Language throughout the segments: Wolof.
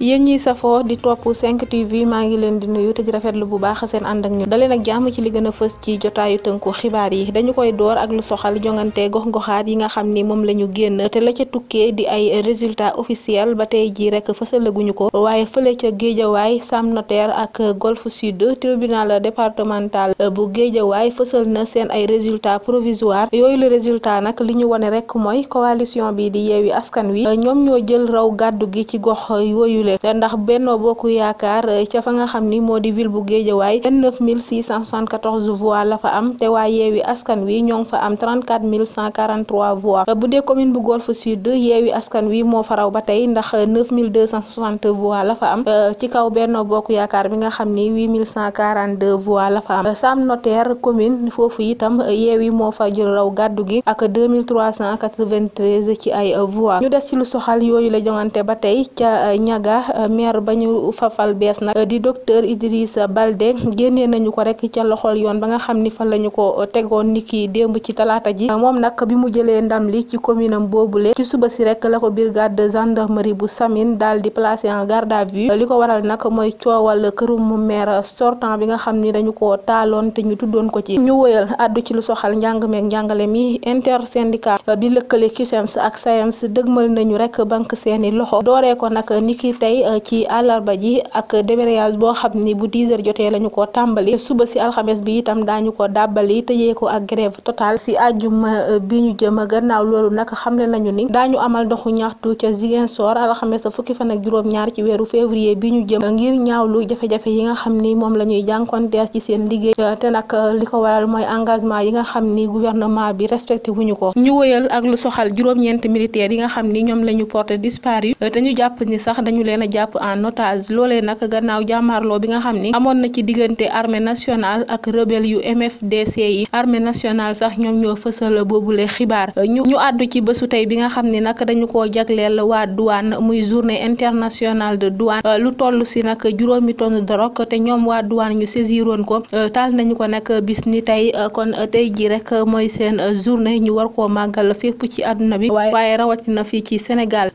yéen ñiy safoo di topp 5 TV maa ngi leen di nuyu te di rafetlu bu baax seen ànd ak ñun daleen jàmm ci li gën a fës ci jotaayu tënku xibaar yi dañu koy door ak lu soxal jongante gox-goxaat yi nga xam ni moom la ñu génn te la ca tukkee di ay résultat officiel ba tey jii rek fësalaguñu ko waaye fële ca géejawaay Sam Notaire ak Golf Sud tribunal départemental bu géejawaay fësal na seen ay résultat provisoire yooyu la résultat nag li ñu wone rek mooy coalition bi di yeewi askan wi ñoom ñoo jël raw gàddu gi ci gox yooyu boobule ndax Benno Bokk Yaakaar eh, ca fa nga xam ni moo di ville bu Géejawaay 29674 voix la fa am te waa Yewwi Askan Wi ñoo ngi fa am 34143 voix eh, bu dee commune bu Golf Sud Yewwi Askan Wi moo fa raw ba tey ndax 9260 eh, voix la fa am ci kaw Benno Bokk Yaakaar bi nga xam ni 8142 voix la fa am Sam Notaire commune foofu itam Yewwi moo fa jël raw gàddu gi ak 2393 ci ay voix ñu des ci lu soxal yooyu la jongante ba tey ñaga Touba maire ba ñu fafal bees nag di docteur Idrissa Baldé génnee nañu ko rek ca loxol yoon ba nga xam ni fa la ñu ko tegoon ni ki démb ci talaata ji moom nag bi mu jëlee ndam li ci commune boobu boobule ci suba si rek la ko brigade de gendarmerie bu Samine daal di placé en garde à vue li ko waral nak mooy coowal kërum maire sortant bi nga xam ni dañu ko taaloon te ñu tuddoon ko ci ñu woyal addu ci lu soxal njàng meeg njàngale mi intersyndicat bi lëkkale CUSEMS ak SAEMS dëgmal nañu rek banque seeni loxo tey euh, ci àllarba ji ak débrayage boo xam ni bu 10 heures jotee lañu ko tàmbali suba si alxames bi itam daañu ko dàbbali tëjee ko ak grève totale si àjjuma euh, bi ñu jëm gannaaw loolu nag xamle nañu ni daañu amal doxu ñaxtu ca Ziguinchor alxames fukki fan ak juróom-ñaar ci weeru février bi ñu jëm ngir ñaawlu jafe-jafe yi nga xam ni moom la ñuy der ci seen liggéey euh, te nag li ko waral mooy engagement yi nga xam ni gouvernement bi respecté wuñu ko ñu wëyal ak lu soxal juróom-ñeent militaire yi nga xam ni ñoom la ñu disparu te ñu jàpp ni sax dañu leen a jàpp en otage loolee nag gannaaw jàmmaarloo bi nga xam ni amoon na ci diggante armée nationale ak rebelle yu MFDC yi armée nationale sax ñoom ñoo fësal boobule xibaar ñu ñu àddu ci bésu tey bi nga xam ni nag dañu koo jagleel waa duwaan muy journée internationale de douane lu toll si nag juróomi tonne drogue te ñoom waa douane ñu saisiroon ko taal nañu ko nag bis ni tey kon tey ji rek mooy seen journée ñu war koo màggal fépp ci àdduna bi waaye rawatina fii ci Sénégal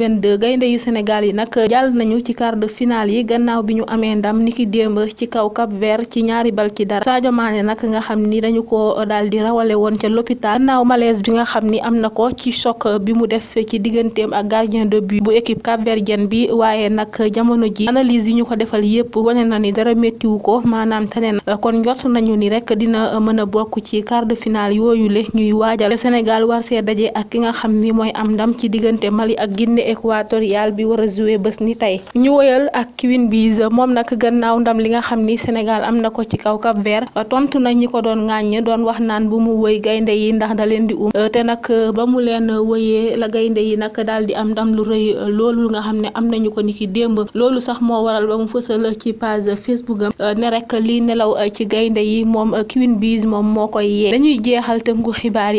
2022 gaynde yu Sénégal yi nag jàll nañu ci quart de finale yi gannaaw bi ñu amee ndam niki démb ci kaw Cap Vert ci ñaari bal ci dara Sadio Mané nag nga xam ni dañu ko daal di woon ca l'hôpital gannaaw malaise bi nga xam ni am na ko ci choc bi mu def ci digganteem ak gardien de but bu équipe capverdienne bi waaye nag jamono ji analyse yi ñu ko defal yépp wane na ni dara mettiwu ko maanaam tane na kon njort nañu ni rek dina mën a bokk ci quart de finale yooyu le ñuy waajal Sénégal war see daje ak ki nga xam ni mooy am ndam ci diggante Mali ak Guinée Guinée équatoriale bi war a joué bés ni tey ñu woyal ak Queen Biz moom nag gannaaw ndam li nga xam ni Sénégal am na ko ci kaw Cap Vert tontu na ñi ko doon ŋàññ doon wax naan bu mu woy gaynde yi ndax da leen di um te nag ba mu leen woyee la gaynde yi nag dal di am ndam lu rëy loolu nga xam ne am nañu ko ni ki démb loolu sax moo waral ba mu fësal ci page Facebook am ne rek li nelaw ci gaynde yi moom Queen Biz moom moo koy yee dañuy jeexal tënku xibaar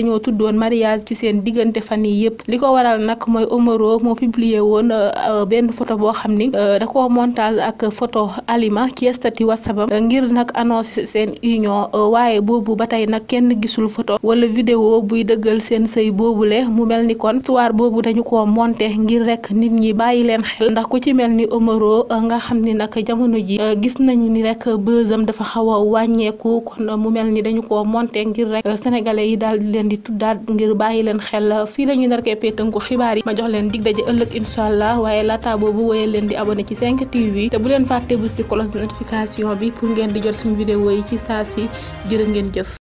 dañoo tuddoon mariage ci seen diggante fan yi yëpp li ko waral nag mooy Omaro moo publier woon euh, benn photo boo xam ni euh, da koo ak photo Alima ci statut WhatsApp am euh, ngir nag annoncer seen union waaye boobu ba tey nag kenn gisul photo wala vidéo buy dëggal seen sëy boobule mu mel ni kon histoire boobu dañu ko monter ngir rek nit ñi bàyyi leen xel ndax ku ci mel ni Omaro nga xam ni nag jamono ji gis nañu ni rek bësam dafa xaw a kon mu mel ni dañu ko monter ngir rek sénégalais yi daal leen di tuddaat ngir bàyyi leen xel fii la ñuy nar keppee tënku xibaar yi ma jox leen dig daje ëllëg incha allah waaye laata boobu woyee leen di abonné ci 5 TV te bu leen fàtte bu si cloche de notification bi pour ngeen di jot suñu vidéo yi ci saa si jërë ngeen jëf